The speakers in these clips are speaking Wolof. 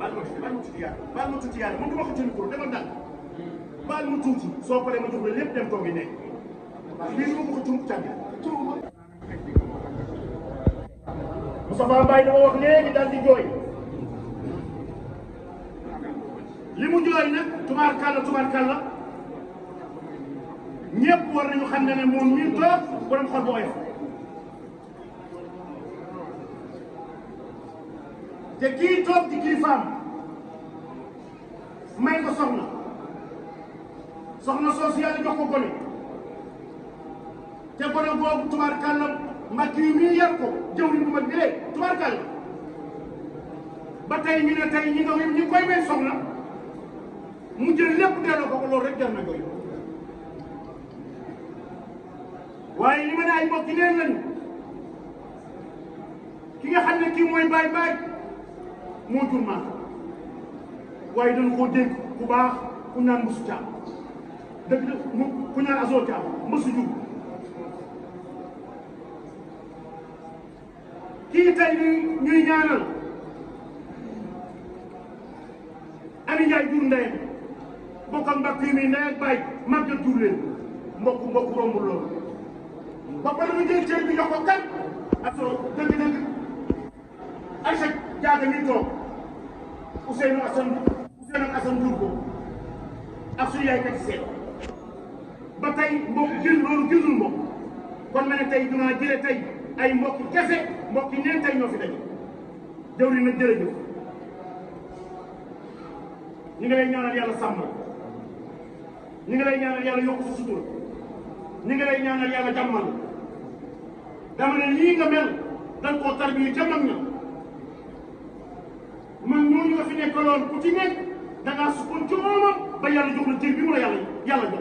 baal ma tuuti baal ma tuuti yàlla baal ma tuuti yàlla mënut ma xëcc micro demal ndànk ni mu jooy nag tubaarkàlla toog borom xol bu oyof te kii toog di kilifaam may ko soxna soxna soosu yàlla jox ko gone te gone boobu tubaarkàlla mbàkk yi muy yar ko jëwriñ bu mag bi ba tey ñu ne tey ñi nga xam ñu koy may soxna mu jël lépp delloo ko ko loolu rek jar na koy waaye li ma ne ay mbokk neen lañu ki nga xam ne kii mooy baay baay moo jur maaka waaye dañu koo dénk ku baax ku ñaan mësu caam dëgg mu ku ñaan kii tey ñu ñuy ñaanal Ami jur ndeyam bokkam mbokk yi muy ndey ak baay màggal jur leen mbokk mbokk rombul loolu ba pare mu jël cër bi jox ko kan asoo dëgg-dëgg ay sa jaaga Ousseynou Assane Ousseynou Assane jur ko ak suñu yaay kati seet ba tey mbokk jël loolu jëlul mbokk kon ma ne tey dinaa jële tey ay mbokk kese mbokk yi neen tey ñoo fi daje jawri nag jërëjëf ñu ngi lay ñaanal yàlla sàmm ñu ngi lay ñaanal yàlla yokk sa sutura ñu ngi lay ñaanal yàlla jàmmal dama ne lii nga mel dañ koo tarbiyu ca mag doon ku ci nekk da ngaa ba yàlla jox la bi mu la yàlla yàlla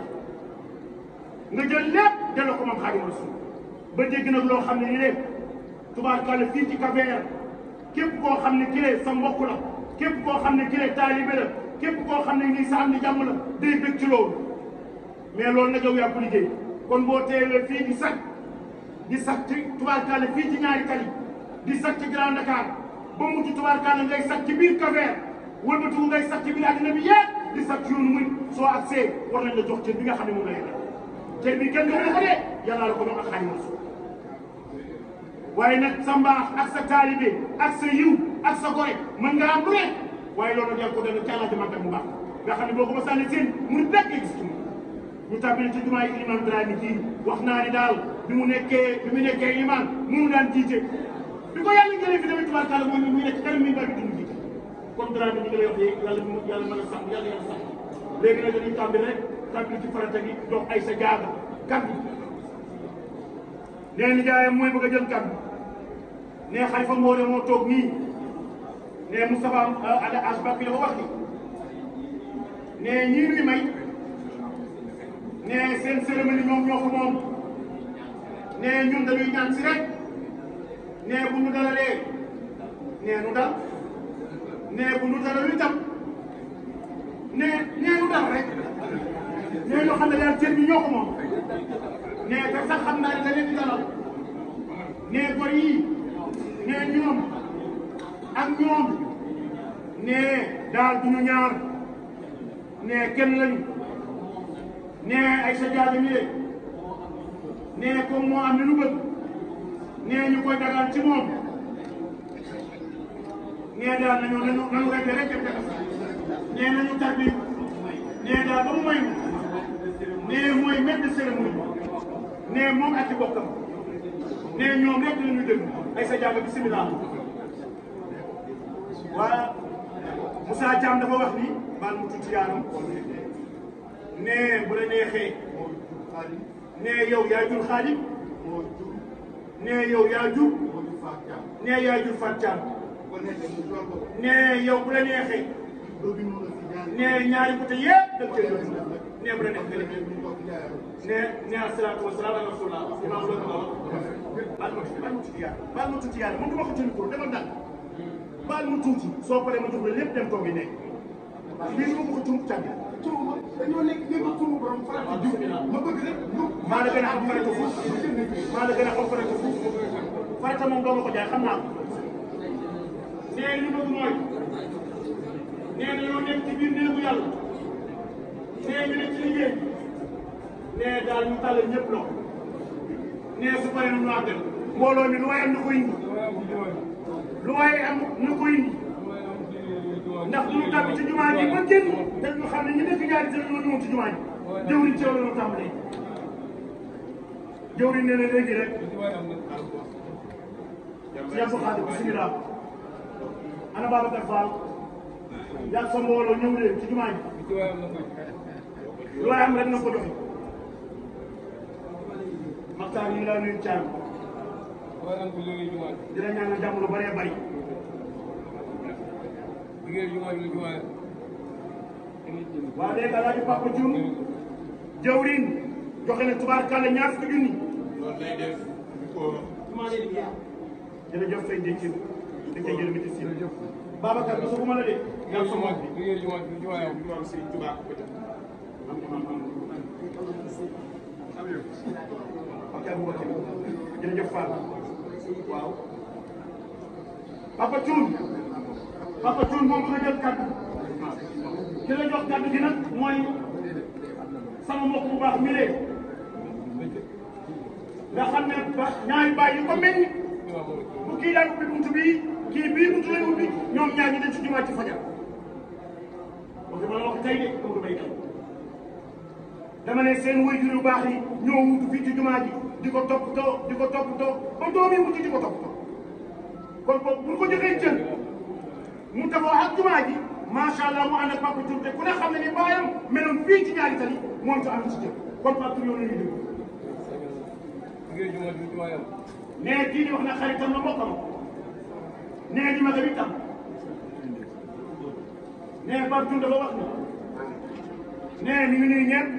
nga jël lépp delloo ko moom Xaadimu ba dégg loo xam ne ni leen tubaarkàlla fii ci képp koo xam ne kile sa képp koo xam ne kile taalibe la képp koo xam ne nii sa am ni jàmm la day ci loolu loolu nag yaa ko liggéey kon boo teewee fii di sàcc di sàcc ci tubaarkàlla fii ci ñaari di sàcc ci Grand Dakar ba mujj tubaarkàlla ngay sàcc ci biir Kébémer ويبتون غير سكبي على النبي يسكتون من سوى أكسي ورن اللي جوخ تربية خدمه من هنا تربية كان جوخ هنا يلا لكم أخي خاني مرسو وإن تسمى أكسا تاليبي أكسا يو أكسا قوي من غير أمره وإن لون ديال قدر نتعلى دمانتا مباك لكن بوك مسالة سين مردك يكسكم متابعين تدمع إيمان دراني كي وحنا ندال بمونك بمونك إيمان مونان تيجي بيقول يالي كلمة تبارك الله مونان تيجي contrat bi ñu ngi lay wax yéen yàlla mën a sax yàlla yàlla sax léegi nag dañuy tàmbali rek tàmbali ci farata gi dox ay sa jaaga kaddu nee ni mooy bëgg a jël kaddu ne Xalifa Ngoone moo toog nii ne Moustapha Ada Ass Mbacké dafa wax ni ne ni ne ñun dañuy ñaan si rek ne bu ñu dalalee ne nu dal ne bu nu dara lu itam ne nee lu dara rek nee loo xam ne daal cër bi ñoo ko moom ne te sax xam naa ne da leen di dalal ne gor yi ne ñoom ak ñoom ne daal du ñu ñaar ne kenn lañu ne ay sa jaadu mi ne comme moo am ne lu bëgg ne ñu koy dagaan ci moom. nee daal nañu nañu nañu koy rek jëm jëm nee nañu tarbi nee daal ba mu mayu nee mooy maître de cérémonie nee moom ak ci bokkam nee ñoom rek dinañu déglu ay sa jàng bisimilah waa wax ni baal mu tuuti nee bu la neexee nee yow yaay jur nee yow yaa nee yaa jur Fatou nee yow bu la neexee nee ñaari côté yëpp da nga koy yóbbu nee bu la neexee nga dem nee nee asalaatu wasalaam ala rasulullah imaam loolu la wax baal ma tuuti baal ma tuuti yàlla baal ma tuuti yàlla mënuma ko jënd pour dama dal baal ma tuuti soo paree ma jóg la lépp dem la gën a la gën a xam nee li bëgg mooy nee dañoo nekk ci nee ñu nekk ci nee daal ñu tàllal ñëpp loxo nee su paree ñu àggal mbooloo lu waay am ñu ko indi lu waay am ñu ko indi ndax du ñu tàbbi ci jumaa ji ba génn dañu xam ne ñu nekk ñaari jël ñoo ñëw ci jumaa ji jëwriñ ci loolu tàmbalee jëwriñ nee na léegi rek yàlla xaaral bisimilah ana Babacar Fall yàgg sa mbooloo ñëw leen ci jumaa ji lu waay na ko joxe Maxtaar ñu laa nuyu Thiam di la ñaanal jàmm waa léegi alaaji Papa Dioum jawrin joxe na tubaarkàlla ñaar fukki junni jërëjëf sëñ Déthié da cee jël médecine Babacar bi su ma la dee. yàlla sama wàll bi yàlla sama wàll bi yàlla sama wàll bi yàlla sama wàll bi. am jërëjëf Fall waaw. Papa Thioune Papa Thioune moom nga jël kàddu ki la jox kàddu gi nag mooy sama mbokk bu baax mi lee nga xam ne ba ñaari bàyyi ko meññ. kii daan ubbi buntu bii kii bii buntu lay ñoom ñaar ñu dem ci fajar wax dama la wax tey de dama ko béy dama ne seen waajur yu baax yi ñoo wutu fii ci jumaa di ko toppatoo di ko toppatoo ba doom yi wuti di ko toppatoo kon boobu bu ñu ko joxee jël mu taxaw ak jumaa ji macha allah mu ànd ak Papa Touré te ku ne xam ne ni baayam meloon fii ci ñaari tali moom itam am na ci jël kon Papa nee kii di wax na xaritam la bokkam nee di ma tamit nee Pape Diouf dafa wax ni nee mi ngi nuyu ñëpp